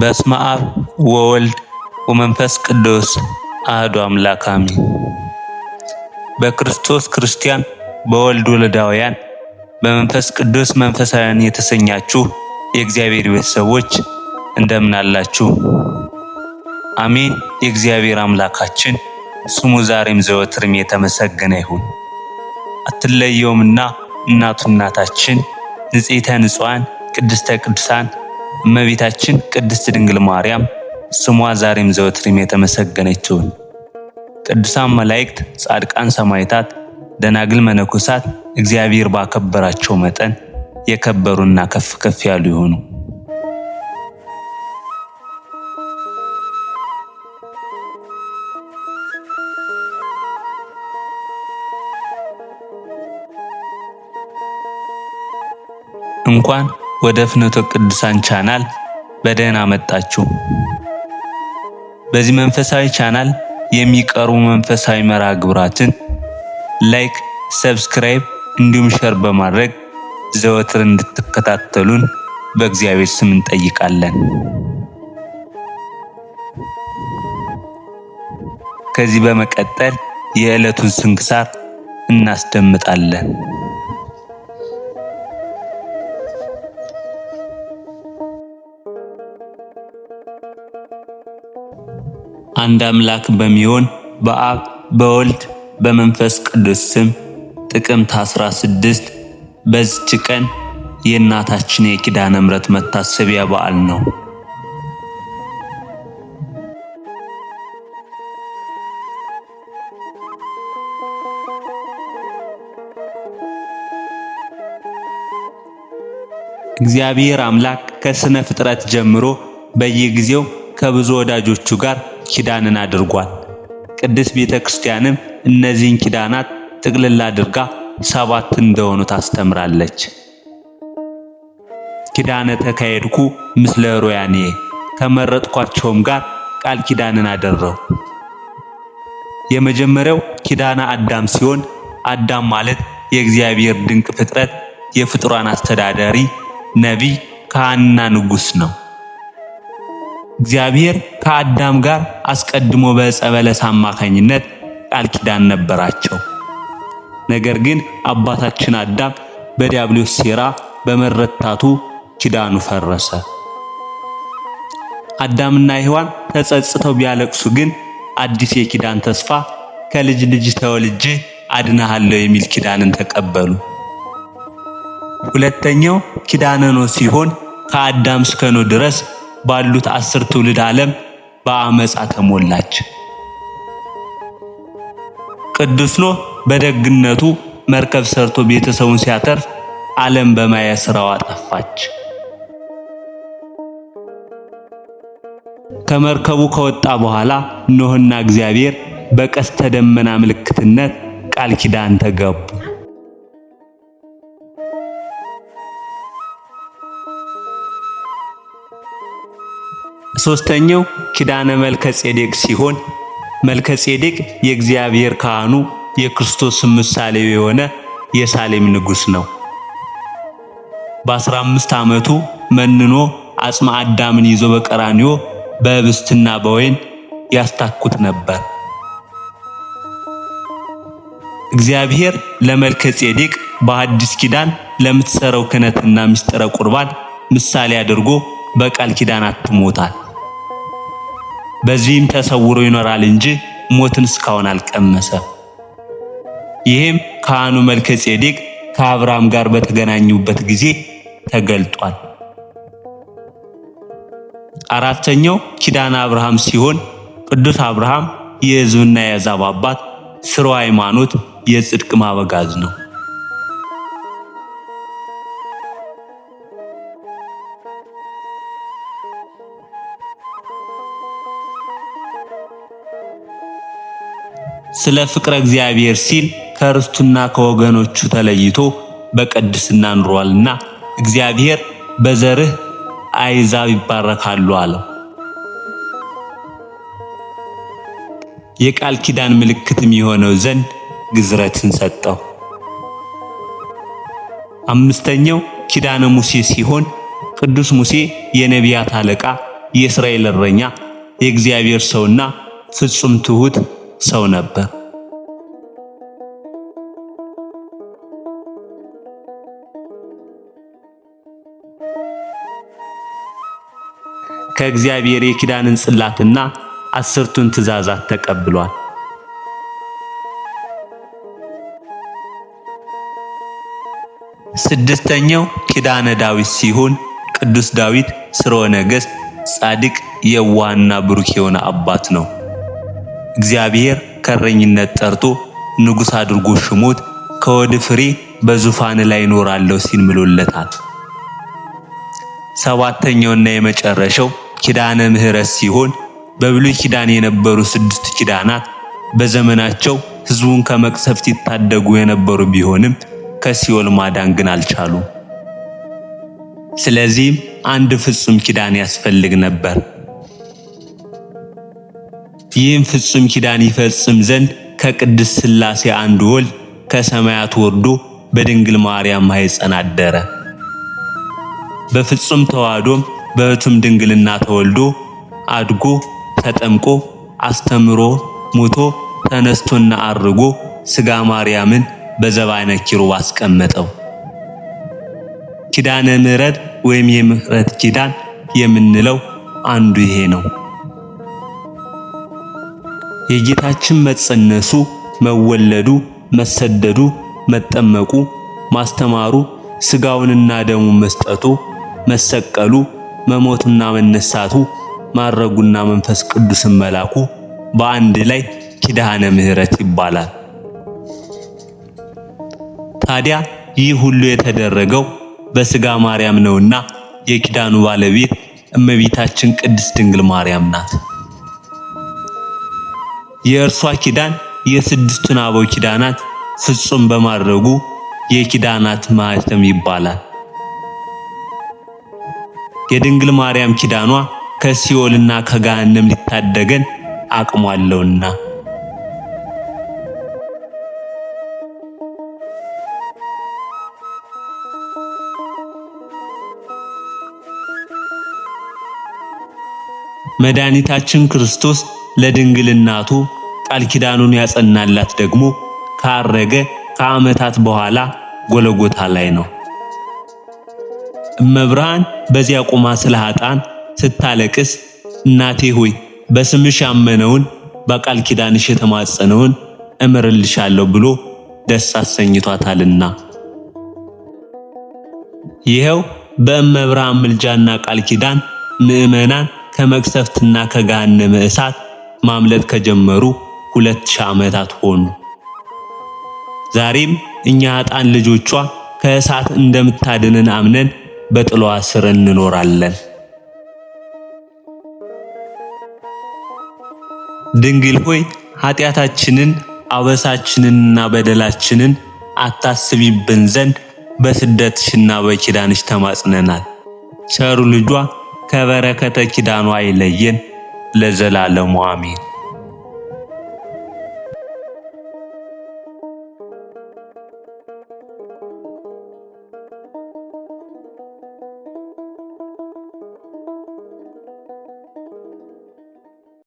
በስመ አብ ወወልድ ወመንፈስ ቅዱስ አህዱ አምላክ አሜን። በክርስቶስ ክርስቲያን፣ በወልድ ወለዳውያን፣ በመንፈስ ቅዱስ መንፈሳውያን የተሰኛችሁ የእግዚአብሔር ቤተሰቦች እንደምን አላችሁ? አሜን። የእግዚአብሔር አምላካችን ስሙ ዛሬም ዘወትርም የተመሰገነ ይሁን። አትለየውምና እናቱ እናታችን ንጽሕተ ንጹሐን ቅድስተ ቅዱሳን እመቤታችን ቅድስት ድንግል ማርያም ስሟ ዛሬም ዘወትሪም የተመሰገነች ቅዱሳን መላእክት፣ ጻድቃን፣ ሰማይታት ደናግል፣ መነኮሳት እግዚአብሔር ባከበራቸው መጠን የከበሩና ከፍ ከፍ ያሉ ይሆኑ። እንኳን ወደ ፍኖተ ቅዱሳን ቻናል በደህና መጣችሁ። በዚህ መንፈሳዊ ቻናል የሚቀርቡ መንፈሳዊ መርሃ ግብራትን ላይክ፣ ሰብስክራይብ እንዲሁም ሸር በማድረግ ዘወትር እንድትከታተሉን በእግዚአብሔር ስም እንጠይቃለን። ከዚህ በመቀጠል የዕለቱን ስንክሳር እናስደምጣለን። አንድ አምላክ በሚሆን በአብ በወልድ በመንፈስ ቅዱስ ስም ጥቅምት 16 በዚች ቀን የእናታችን የኪዳነ ምሕረት መታሰቢያ በዓል ነው። እግዚአብሔር አምላክ ከስነ ፍጥረት ጀምሮ በየጊዜው ከብዙ ወዳጆቹ ጋር ኪዳንን አድርጓል። ቅድስት ቤተ ክርስቲያንም እነዚህን ኪዳናት ጥቅልል አድርጋ ሰባት እንደሆኑ ታስተምራለች። ኪዳነ ተካሄድኩ ምስለ ሮያኔ ከመረጥኳቸውም ጋር ቃል ኪዳንን አደረው። የመጀመሪያው ኪዳነ አዳም ሲሆን አዳም ማለት የእግዚአብሔር ድንቅ ፍጥረት፣ የፍጥሯን አስተዳዳሪ፣ ነቢይ፣ ካህንና ንጉሥ ነው። እግዚአብሔር ከአዳም ጋር አስቀድሞ በዕፀ በለስ አማካኝነት ቃል ኪዳን ነበራቸው። ነገር ግን አባታችን አዳም በዲያብሎስ ሴራ በመረታቱ ኪዳኑ ፈረሰ። አዳምና ሔዋን ተጸጽተው ቢያለቅሱ ግን አዲስ የኪዳን ተስፋ ከልጅ ልጅ ተወልጄ አድናሃለሁ የሚል ኪዳንን ተቀበሉ። ሁለተኛው ኪዳነ ኖህ ሲሆን ከአዳም እስከ ኖህ ድረስ ባሉት አስር ትውልድ ዓለም በአመፃ ተሞላች። ቅዱስ ኖህ በደግነቱ መርከብ ሰርቶ ቤተሰቡን ሲያተርፍ ዓለም በማያ ስራዋ ጠፋች። ከመርከቡ ከወጣ በኋላ ኖህና እግዚአብሔር በቀስተ ደመና ምልክትነት ቃል ኪዳን ተገቡ። ሶስተኛው ኪዳነ መልከ ጼዴቅ ሲሆን መልከ ጼዴቅ የእግዚአብሔር ካህኑ የክርስቶስ ምሳሌ የሆነ የሳሌም ንጉሥ ነው። በአስራ በ15 ዓመቱ መንኖ አጽመ አዳምን ይዞ በቀራንዮ በህብስትና በወይን ያስታኩት ነበር። እግዚአብሔር ለመልከ ጼዴቅ በአዲስ ኪዳን ለምትሰረው ክህነትና ምስጢረ ቁርባን ምሳሌ አድርጎ በቃል ኪዳን አትሞታል። በዚህም ተሰውሮ ይኖራል እንጂ ሞትን እስካሁን አልቀመሰ። ይህም ካህኑ መልከ ጼዴቅ ከአብርሃም ጋር በተገናኙበት ጊዜ ተገልጧል። አራተኛው ኪዳነ አብርሃም ሲሆን ቅዱስ አብርሃም የሕዝብና የአሕዛብ አባት፣ ሥርወ ሃይማኖት፣ የጽድቅ ማበጋዝ ነው። ስለ ፍቅረ እግዚአብሔር ሲል ከርስቱና ከወገኖቹ ተለይቶ በቅድስና ኑሯልና እግዚአብሔር በዘርህ አይዛብ ይባረካሉ አለው። የቃል ኪዳን ምልክትም የሆነው ዘንድ ግዝረትን ሰጠው። አምስተኛው ኪዳነ ሙሴ ሲሆን ቅዱስ ሙሴ የነቢያት አለቃ፣ የእስራኤል እረኛ፣ የእግዚአብሔር ሰውና ፍጹም ትሁት ሰው ነበር። ከእግዚአብሔር የኪዳንን ጽላትና አስርቱን ትእዛዛት ተቀብሏል። ስድስተኛው ኪዳነ ዳዊት ሲሆን ቅዱስ ዳዊት ስርወ ነገሥት፣ ጻድቅ፣ የዋህና ብሩክ የሆነ አባት ነው። እግዚአብሔር ከረኝነት ጠርቶ ንጉሥ አድርጎ ሽሞት ከወድ ፍሬ በዙፋን ላይ ኖራለሁ ሲል ምሎለታል። ሰባተኛውና የመጨረሻው ኪዳነ ምሕረት ሲሆን በብሉይ ኪዳን የነበሩ ስድስት ኪዳናት በዘመናቸው ሕዝቡን ከመቅሰፍት ይታደጉ የነበሩ ቢሆንም ከሲኦል ማዳን ግን አልቻሉም። ስለዚህም አንድ ፍጹም ኪዳን ያስፈልግ ነበር። ይህም ፍጹም ኪዳን ይፈጽም ዘንድ ከቅድስት ሥላሴ አንዱ ወልድ ከሰማያት ወርዶ በድንግል ማርያም ማኅፀን አደረ። በፍጹም ተዋህዶም በሕቱም ድንግልና ተወልዶ አድጎ ተጠምቆ አስተምሮ ሙቶ ተነስቶና አርጎ ሥጋ ማርያምን በዘባነ ኪሩብ አስቀመጠው። ኪዳነ ምሕረት ወይም የምሕረት ኪዳን የምንለው አንዱ ይሄ ነው። የጌታችን መጸነሱ፣ መወለዱ፣ መሰደዱ፣ መጠመቁ፣ ማስተማሩ፣ ስጋውንና ደሙ መስጠቱ፣ መሰቀሉ፣ መሞቱና መነሳቱ፣ ማረጉና መንፈስ ቅዱስን መላኩ በአንድ ላይ ኪዳነ ምሕረት ይባላል። ታዲያ ይህ ሁሉ የተደረገው በስጋ ማርያም ነውና የኪዳኑ ባለቤት እመቤታችን ቅድስት ድንግል ማርያም ናት። የእርሷ ኪዳን የስድስቱን አበው ኪዳናት ፍጹም በማድረጉ የኪዳናት ማህተም ይባላል። የድንግል ማርያም ኪዳኗ ከሲኦልና ከጋንም ሊታደገን አቅሟለውና መድኃኒታችን ክርስቶስ ለድንግል እናቱ ቃል ኪዳኑን ያጸናላት ደግሞ ካረገ ከዓመታት በኋላ ጎለጎታ ላይ ነው። እመብርሃን በዚያ ቆማ ስለ ኃጣን ስታለቅስ እናቴ ሆይ በስምሽ ያመነውን በቃል ኪዳንሽ የተማጸነውን እምርልሻለሁ ብሎ ደስ አሰኝቷታልና ይኸው በእመብርሃን ምልጃና ቃል ኪዳን ምዕመናን ከመቅሰፍትና ከገሃነመ እሳት ማምለጥ ከጀመሩ ሁለት ሺህ ዓመታት ሆኑ። ዛሬም እኛ አጣን ልጆቿ ከእሳት እንደምታድንን አምነን በጥሏ ስር እንኖራለን። ድንግል ሆይ ኃጢአታችንን አበሳችንንና በደላችንን አታስቢብን ዘንድ በስደትሽና በኪዳንሽ ተማጽነናል። ቸሩ ልጇ ከበረከተ ኪዳኗ አይለየን። ለዘላለሙ አሜን።